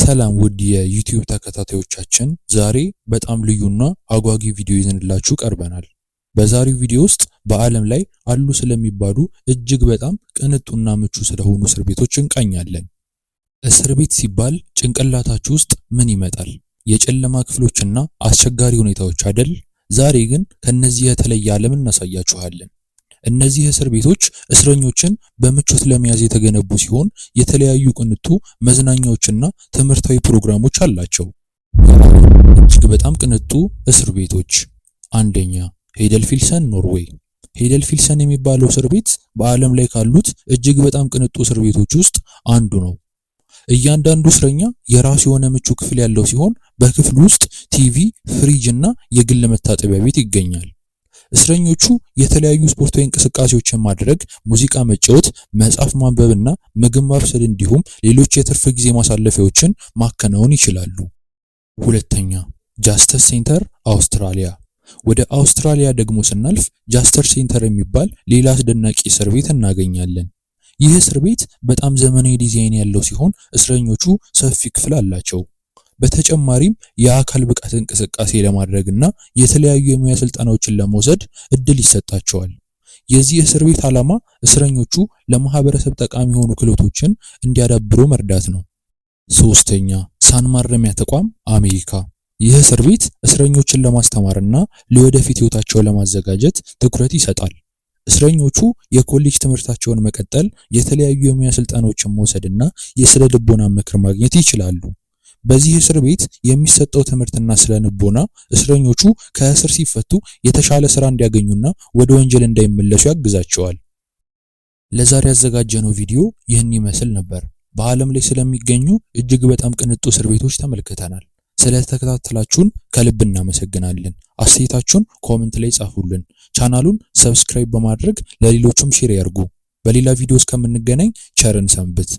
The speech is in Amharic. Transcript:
ሰላም ውድ የዩቲዩብ ተከታታዮቻችን ዛሬ በጣም ልዩና አጓጊ ቪዲዮ ይዘንላችሁ ቀርበናል። በዛሬው ቪዲዮ ውስጥ በዓለም ላይ አሉ ስለሚባሉ እጅግ በጣም ቅንጡና ምቹ ስለሆኑ እስር ቤቶች እንቃኛለን። እስር ቤት ሲባል ጭንቅላታችሁ ውስጥ ምን ይመጣል? የጨለማ ክፍሎችና አስቸጋሪ ሁኔታዎች አይደል? ዛሬ ግን ከነዚህ የተለየ ዓለም እናሳያችኋለን። እነዚህ እስር ቤቶች እስረኞችን በምቾት ለመያዝ የተገነቡ ሲሆን የተለያዩ ቅንጡ መዝናኛዎችና ትምህርታዊ ፕሮግራሞች አላቸው። እጅግ በጣም ቅንጡ እስር ቤቶች አንደኛ ሄደልፊልሰን ኖርዌይ። ሄደልፊልሰን የሚባለው እስር ቤት በዓለም ላይ ካሉት እጅግ በጣም ቅንጡ እስር ቤቶች ውስጥ አንዱ ነው። እያንዳንዱ እስረኛ የራሱ የሆነ ምቹ ክፍል ያለው ሲሆን በክፍሉ ውስጥ ቲቪ፣ ፍሪጅ እና የግል መታጠቢያ ቤት ይገኛል። እስረኞቹ የተለያዩ ስፖርታዊ እንቅስቃሴዎችን ማድረግ፣ ሙዚቃ መጫወት፣ መጽሐፍ ማንበብና ምግብ ማብሰል እንዲሁም ሌሎች የትርፍ ጊዜ ማሳለፊያዎችን ማከናወን ይችላሉ። ሁለተኛ ጃስተር ሴንተር አውስትራሊያ። ወደ አውስትራሊያ ደግሞ ስናልፍ ጃስተር ሴንተር የሚባል ሌላ አስደናቂ እስር ቤት እናገኛለን። ይህ እስር ቤት በጣም ዘመናዊ ዲዛይን ያለው ሲሆን እስረኞቹ ሰፊ ክፍል አላቸው። በተጨማሪም የአካል ብቃት እንቅስቃሴ ለማድረግ እና የተለያዩ የሙያ ስልጠናዎችን ለመውሰድ እድል ይሰጣቸዋል። የዚህ የእስር ቤት ዓላማ እስረኞቹ ለማህበረሰብ ጠቃሚ የሆኑ ክህሎቶችን እንዲያዳብሩ መርዳት ነው። ሶስተኛ ሳን ማረሚያ ተቋም አሜሪካ። ይህ እስር ቤት እስረኞችን ለማስተማርና ለወደፊት ህይወታቸው ለማዘጋጀት ትኩረት ይሰጣል። እስረኞቹ የኮሌጅ ትምህርታቸውን መቀጠል፣ የተለያዩ የሙያ ስልጠናዎችን መውሰድና የስነ ልቦና ምክር ማግኘት ይችላሉ። በዚህ እስር ቤት የሚሰጠው ትምህርትና ስለንቦና እስረኞቹ ከእስር ሲፈቱ የተሻለ ስራ እንዲያገኙና ወደ ወንጀል እንዳይመለሱ ያግዛቸዋል። ለዛሬ ያዘጋጀነው ቪዲዮ ይህን ይመስል ነበር። በዓለም ላይ ስለሚገኙ እጅግ በጣም ቅንጡ እስር ቤቶች ተመልክተናል። ስለተከታተላችሁን ከልብ እናመሰግናለን። አስተያየታችሁን ኮመንት ላይ ጻፉልን። ቻናሉን ሰብስክራይብ በማድረግ ለሌሎችም ሼር ያርጉ። በሌላ ቪዲዮ እስከምንገናኝ ቸርን ሰንብት።